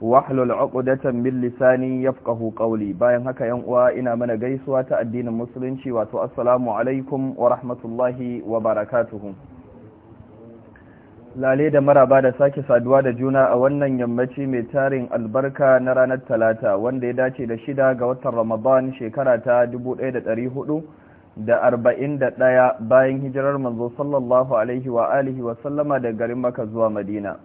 wahlul uqdatan min lisani yafqahu qawli bayan haka yan uwa ina mana gaisuwa ta addinin musulunci wato assalamu alaikum wa rahmatullahi wa barakatuh lale da maraba da sake saduwa da juna a wannan yammaci mai tarin albarka na ranar talata wanda ya dace da shida ga watan ramadan shekara ta 1400 da arba'in da ɗaya bayan hijirar manzo sallallahu alaihi wa alihi wa sallama da garin maka zuwa madina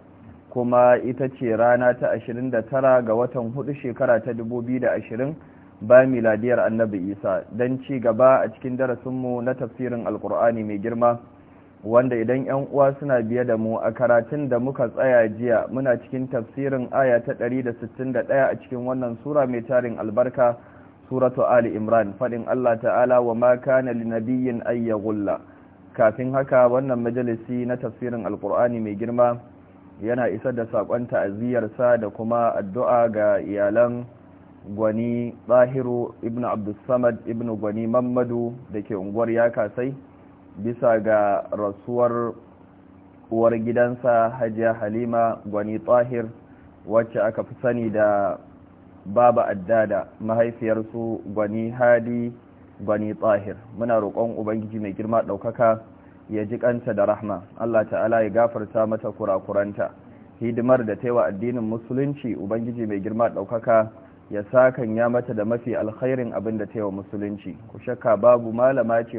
kuma ita ce rana ta 29 ga watan hudu shekara ta 2020 ba miladiyar annabi isa don ci gaba a cikin darasinmu na tafsirin alkur'ani mai girma wanda idan 'yan uwa suna biye da mu a karatun da muka tsaya jiya muna cikin tafsirin aya ta 161 a cikin wannan sura mai tarin albarka suratu ali imran faɗin allah ta'ala wa ma kana linabiyyin ayyagulla kafin haka wannan majalisi na tafsirin alkur'ani mai girma yana isar da ta'aziyar ta'aziyarsa da kuma addu'a ga iyalan gwani bahiru ibn abdulsamad ibn gwani mamadu da ke unguwar yakasai bisa ga rasuwar uwar gidansa hajiya halima gwani tahir wacce aka fi sani da baba addada mahaifiyarsu gwani hadi gwani tahir muna roƙon ubangiji mai girma ɗaukaka ya ji kanta da rahma Allah ta'ala ya gafarta mata kurakuranta hidimar da ta yi wa addinin musulunci ubangiji mai girma ɗaukaka ya sakan ya mata da mafi alkhairin abin da ta yi wa musulunci ku shakka babu malama ce